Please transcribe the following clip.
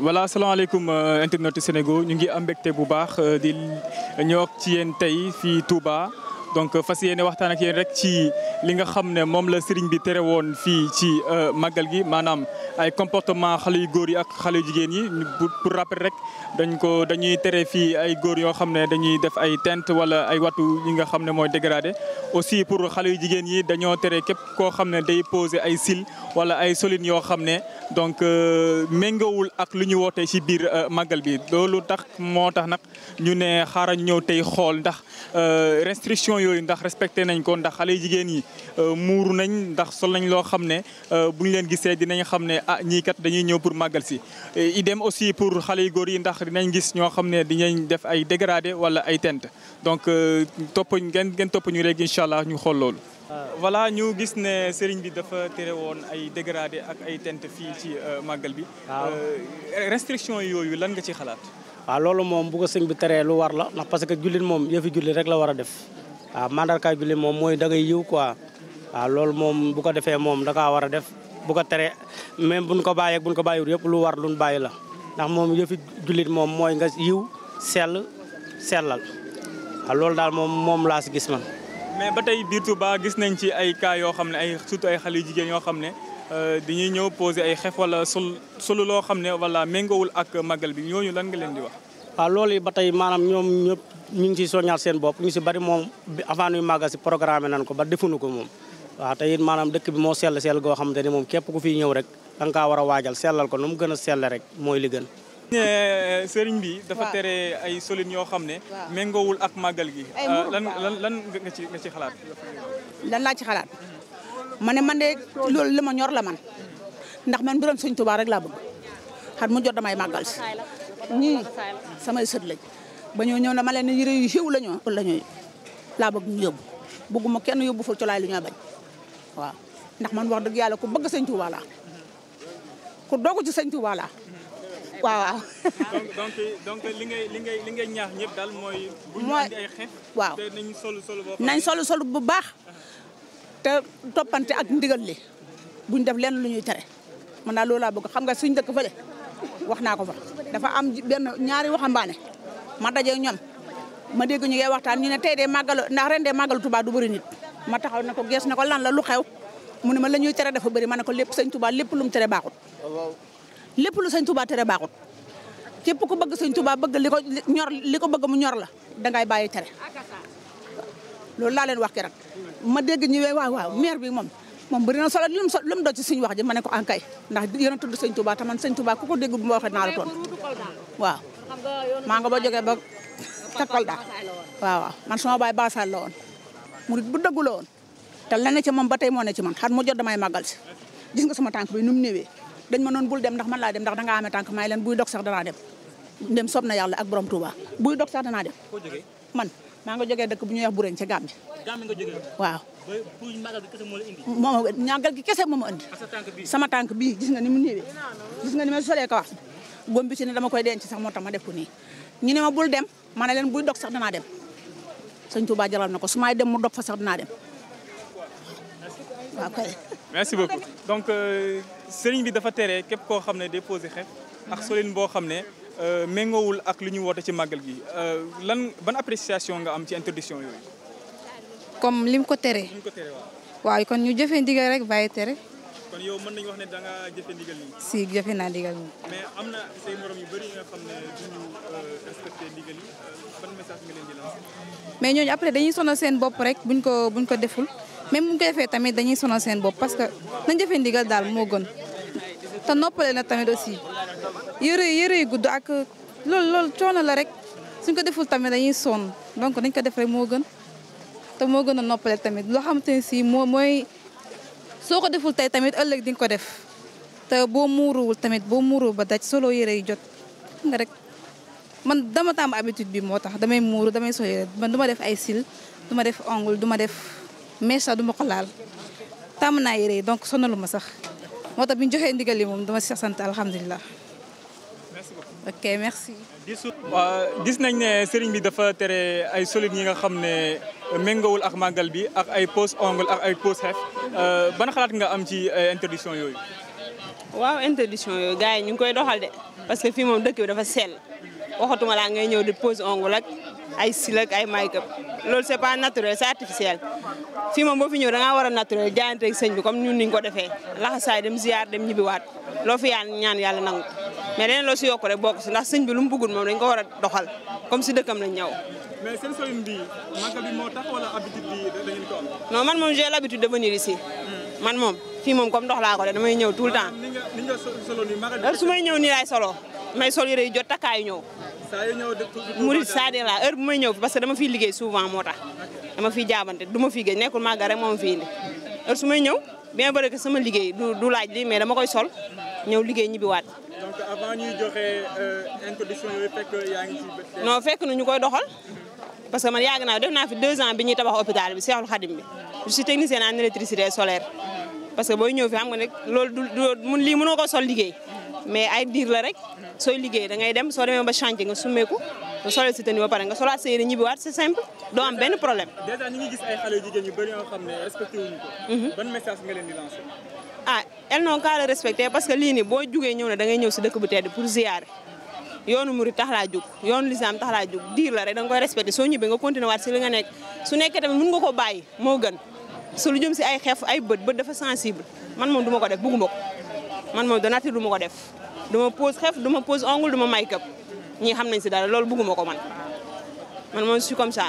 voilà salaamaaleykum euh, internet Sénégal ñu ngi am mbégte bu baax euh, di ñëw ci yéen tey fii Touba donc euh, fas yéene waxtaan ak rek ci. li nga xam ne moom la sëriñ bi tere woon fii ci euh, màggal gi maanaam ay comportement xale yu góor yi ak xale yu jigéen yi pour rappel rek dañ ko dañuy tere fii ay góor yoo xam ne dañuy def ay teinte wala ay watu yi nga xam ne mooy dégradé aussi pour xale yu jigéen yi dañoo tere képp koo xam ne day poser ay cils wala ay solin yoo xam ne donc euh, méngawul ak lu ñu woote ci biir euh, màggal bi loolu tax moo tax nag ñu ne xaaral ñëw tey xool ndax restriction yooyu ndax respecté nañ ko ndax xale yu jigéen yi Euh, muur nañ ndax sol nañ loo xam ne euh, bu ñu leen gisee dinañ xam ne ah ñii kat dañuy ñëw pour màggal si. idem aussi pour xale yu góor yi ndax dinañ gis ñoo xam ne dinañ def ay degrade wala ay tent donc euh, topp ngeen ngeen topp ñu rek incha allah ñu xool loolu. voilà ñu gis ne sëriñ bi dafa tere woon ay dégradé ak ay tent fii ci màggal bi. restriction yooyu lan nga ci xalaat. waaw loolu moom bu ko sëñ bi teree lu war la ndax parce que jullit moom yëfi jullit rek la war a def. waaw mandargaay julli moom mooy da ngay yiw quoi waaw loolu moom bu ko defee moom da kaa war a def bu ko tere même buñ ko bàyyeeg buñ ko bàyyiwul yëpp lu war luñ bàyyi la ndax moom yëfi jullit moom mooy nga yiw sell sellal waaw loolu daal moom moom laa si gis man. mais ba tey biir Touba gis nañ ci ay cas yoo xam ne ay surtout ay xale jigéen yoo xam ne euh, ñuy ñëw posé ay xef wala sol solo loo xam ne wala méngoowul ak màggal bi ñooñu lan nga leen di wax. waaw loolu yi ba tey maanaam ñoom ñëpp ñu ngi ciy soññaat seen bopp ñu si bari moom avant ñuy màggal si programme nan ko ba defuñu ko moom waaw te it maanaam dëkk bi moo sell sell goo xamante ni moom ku fiy ñëw rek da nga kaa a waajal sellal ko nu mu gën a selle mooy li gën sëriñ bi dafa ay solin yoo xam ne méngoowul ak màggal gi euh, lan lan lan laa ci xalaat ma ne man de loolu li ma ñor la man ndax man mbiram Sëriñ Tuubaa rek laa bëgg xat mu jot damay màggal si ñii samay sët lañ ba ñoo ñëw na ma leen ne yëre yu xiw la la ñuy laa bëgg ñu yóbbu bëgguma kenn yóbbu fo colaay lu ñu bañ waaw ndax man wax dëgg yàlla ku bëgg sëñ Tuuba laa ku dogu ci sëñ Tuuba laa waaw donc li ngay li ngay li ngay ñaax ñëpp daal mooy. bu ñu waaw te nañ solu solu nañ solu solu bu baax. te toppante ak ndigal li buñ def lenn lu ñuy tere man daal loolu laa bëgg xam nga suñ dëkk fële. wax naa ko fa dafa am benn ñaari waxambaane ma daje ñoom ma dégg ñu ngay waxtaan ñu ne tey de màggalu ndax ren de màggalu tubaa du bëri nit ma taxaw ne ko gees ne ko lan la lu xew mu ne ma la ñuy tere dafa bëri ma ne ko lépp sëñ Tuubaa lépp lu mu tere baaxut lépp lu sëñ Tuubaa tere baaxut képp ku bëgg sëñ tubaa bëgg li ko li ko bëgg mu ñor la dangay bàyyi tere loolu laa leen wax ki rek ma dégg ñu waaw waaw maire bi moom moom bëri na solo lu mu lu mu doj ci suñu wax ji ma ne ko ankay ndax yéen tudd sëñ Touba te man sëñ Touba ko dégg bu ma waxee naa la toon waaw maa nga boo jógee ba takkal daal waaw man sama baay baasaal la woon murit bu dëggu la woon te leneen ci moom ba tey moo ne ci man xat mu jot damay màggal si gis nga sama tànk bi nu mu néewee dañ ma noon bul dem ndax man laa dem ndax dangaa amee tànk may leen buy dog sax danaa dem dem soob na yàlla ak borom Touba buy dog sax danaa dem man maa nga jógee dëkk bu ñuy wax Bureñ ca Gàmbi. Gàmbi nga jógee waaw. pour magal gi kese moo la indi. moom ñàngal gi kese moo ma indi. sama tànk bii gis nga ni mu néewee. gis nga ni ma solee ko wax. góom bi ci ne dama koy denc sax moo tax ma def ko nii. ñu ne ma bul dem ma ne leen buy dog sax danaa dem. sëñ Touba jaral na ko su maay dem mu dog fa sax danaa dem. waaw kay. merci beaucoup donc euh, sëriñ bi dafa tere képp koo xam ne déposé xef ak solin boo xam ne. Euh, méngoowul ak lu ñu woote ci màggal gi euh, lan ban appréciation nga am ci interdiction comme lim ko teree. lim kon ñu jëfee ndigal rek bàyyi tere. yow mën nañu wax ne si jëfe naa ndigal nii. am na euh, mais ñooñu après dañuy sonal seen bopp rek buñ ko buñ ko deful même buñ ko defee tamit dañuy sonal seen bopp parce que nañ jëfe ndigal daal moo gën te noppale na tamit aussi. yëre yëre yu gudd ak loolu loolu coono la rek suñ ko deful tamit dañuy sonn donc dañ ko def rek moo gën te moo gën a noppale tamit loo xamante ne si moo mooy soo ko deful tey tamit ëllëg di nga ko def te boo muuruwul tamit boo muuru ba daj solo yëre yu jot nga rek man dama tàmm habitude bi moo tax damay muuru damay solo yëre man du ma def ay cils du ma def ongle du ma def mèche sax du ma ko laal tàmm naa yëre yi donc sonalu ma sax moo tax bi ñu joxee ndigal yi moom dama si sant alhamdulilah ok merci. waaw gis nañ ne sëriñ bi dafa tere ay solide yi nga xam ne méngawul ak màggal bi ak ay pose ongle ak ay pose xef euh, ban xalaat nga am ci euh, interdiction yooyu. waaw interdiction yooyu gars yi ñu ngi koy doxal de parce que fii moom dëkk bi dafa seel waxatuma laa ngay ñëw di pose ongle ak ay cils ak ay make-up loolu c'est pas naturel c'est artificiel fii moom boo fi ñëw da ngaa war a naturel jaayanteeg sëñ bi comme ñun niñ ko defee laxasaay dem ziar dem ñibbiwaat loo mais leneen loo si yokk rek bokk si ndax sëñ bi lu mu moom dañ ko war a doxal comme si dëkkam na ñëw. mais seen sëriñ bi màggal moo tax da ngeen ko am. man moom j'ai hmm. man moom fii moom comme dox laa ko de damay ñëw tout le temps. ni nga ni nga solo nii màggal bi su may ñëw jot takkaay ñëw. saa yu ñëw murid saade la heure bu may ñëw parce que dama fiy liggéey souvent moo tax. dama fiy jaabante du ma fiy géej nekkul màggal rek moom fi indi heure su may ñëw bien vrai que sama liggéey du du laaj li mais dama koy sol ñëw liggéey ñibbi donc avant ñuy joxe euh, fekk yaa ñu koy doxal. parce que man yàgg naa def naa fi deux ans bi ñuy tabax hôpital bi Seexul Xadim bi. je suis technicienne en électricité solaire. parce que booy ñëw fi xam nga ne loolu du lii mënoo ko sol liggéey. mais ay diir la rek. sooy liggéey dangay dem soo demee ba chantier nga summeeku. nga solal si tenue ba pare nga solaat sa yére ñibbiwaat c'est simple. doo am benn problème. ah elles n'ont qu'à le parce que lii nii boo jugee ñëw ne da ngay ñëw si dëkk bu tedd pour ziyaare yoonu murid tax laa jug yoonu lislaam tax laa jug diir la rek danga koy respecté soo ñibbee nga continué waat si li nga nekk su nekkee tamit mën nga ko bàyyi moo gën su lu jëm si ay xeef ay bët bët dafa sensible man moom duma ko def bugguma ko man moom de du ma ko def du pose xeef du ma pose ongle du ma make ñii xam nañ si dara loolu bugguma ko man man moom je suis comme ça